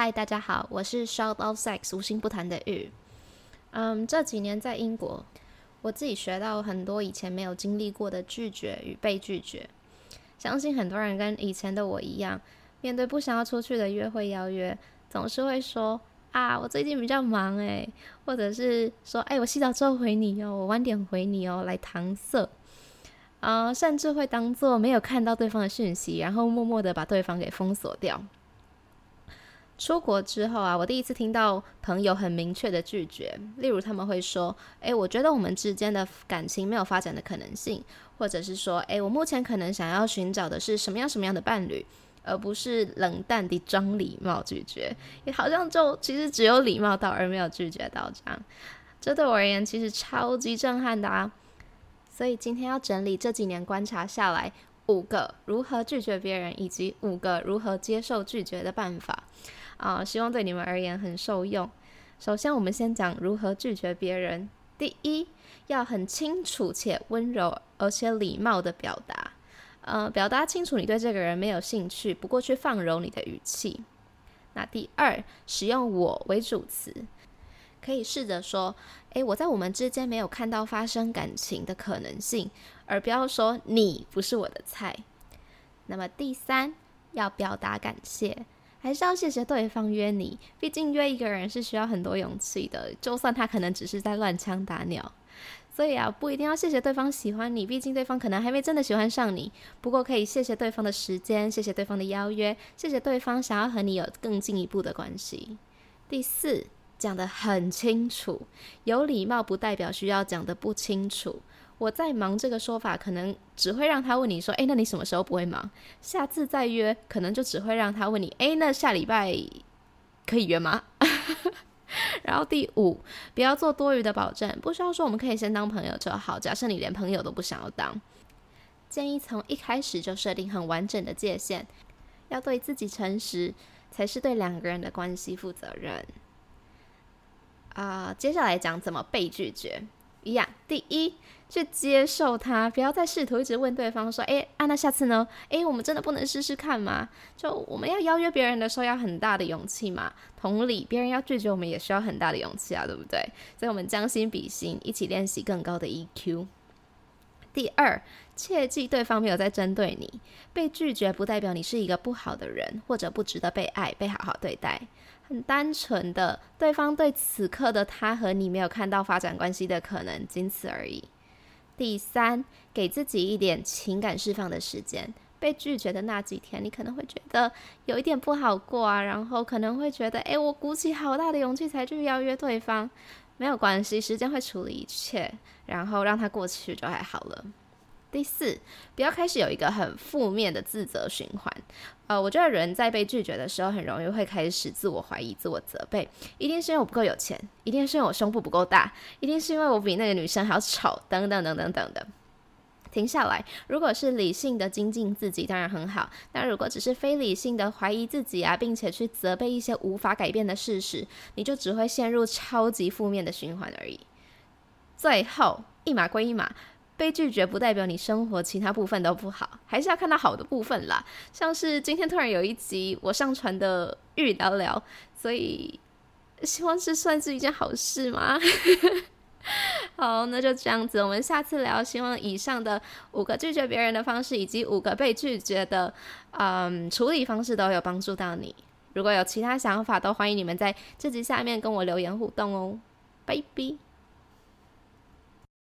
嗨，Hi, 大家好，我是《Shout Out Sex》無性不談的 Yu。嗯、um,，這幾年在英國，我自己學到很多以前沒有經歷過的拒絕與被拒絕。相信很多人跟以前的我一樣，面對不想要出去的約會邀約，總是會說啊，我最近比較忙哎，或者是說哎，我洗澡之後回你哦，我晚點回你哦，來搪塞。啊、uh,，甚至會當做沒有看到對方的訊息，然後默默的把對方給封鎖掉。出國之後啊，我第一次聽到朋友很明確的拒絕，例如他們會說：“誒、欸，我覺得我們之間的感情沒有發展的可能性。”或者是說：“誒、欸，我目前可能想要尋找的是什麼樣什麼樣的伴侶，而不是冷淡的裝禮貌拒絕，也好像就其實只有禮貌到而沒有拒絕到這樣。”這對我而言其實超級震撼的啊！所以今天要整理這幾年觀察下來五個如何拒絕別人，以及五個如何接受拒絕的辦法。啊、哦，希望對你們而言很受用。首先，我們先講如何拒絕別人。第一，要很清楚且溫柔，而且禮貌地表達。呃，表達清楚你對這個人沒有興趣，不過去放柔你的語氣。那第二，使用“我”為主詞，可以試着說：“誒，我在我們之間沒有看到發生感情的可能性。”而不要說“你不是我的菜”。那麼第三，要表達感謝。還是要謝謝對方約你，畢竟約一個人是需要很多勇氣的，就算他可能只是在亂槍打鳥，所以啊，不一定要謝謝對方喜歡你，畢竟對方可能還沒真的喜歡上你。不過可以謝謝對方的時間，謝謝對方的邀約，謝謝對方想要和你有更進一步的關係。第四，講得很清楚，有禮貌不代表需要講得不清楚。我在忙這個說法，可能只會讓他問你說：“哎，那你什麼時候不會忙？”下次再約，可能就只會讓他問你：“哎，那下禮拜可以約嗎？” 然後第五，不要做多餘的保證，不需要說我們可以先當朋友就好。假設你連朋友都不想要當，建議從一開始就設定很完整的界限，要對自己誠實，才是對兩個人的關係負責任。啊、呃，接下來講怎麼被拒絕。一樣，yeah, 第一，去接受他，不要再試圖一直問對方說：“哎、欸啊，那下次呢？哎、欸，我們真的不能試試看嗎？就我們要邀約別人的時候，要很大的勇氣嘛。同理，別人要拒絕我們，也需要很大的勇氣啊，對不對？所以我們將心比心，一起練習更高的 EQ。第二，切記對方沒有在針對你，被拒絕不代表你是一個不好的人，或者不值得被愛、被好好對待。”很單純的，對方對此刻的他和你沒有看到發展關係的可能，僅此而已。第三，給自己一點情感釋放的時間。被拒絕的那幾天，你可能會覺得有一點不好過啊，然後可能會覺得，欸，我鼓起好大的勇氣才去邀約對方，沒有關係，時間會處理一切，然後讓它過去就還好了。第四，不要開始有一個很負面的自責循環。呃，我覺得人在被拒絕的時候，很容易會開始自我懷疑、自我責備。一定是因為我不夠有錢，一定是因為我胸部不夠大，一定是因為我比那個女生還要醜，等等等等等等的。停下來，如果是理性的精進自己，當然很好。那如果只是非理性的懷疑自己啊，並且去責備一些無法改變的事實，你就只會陷入超級負面的循環而已。最後，一碼歸一碼。被拒絕不代表你生活其他部分都不好，還是要看到好的部分啦。像是今天突然有一集我上傳的 Yu 你聊聊，所以希望是算是一件好事嗎？ 好，那就這樣子，我們下次聊。希望以上的五個拒絕別人的方式以及五個被拒絕的嗯處理方式都有幫助到你。如果有其他想法，都歡迎你們在這集下面跟我留言互動哦，拜拜。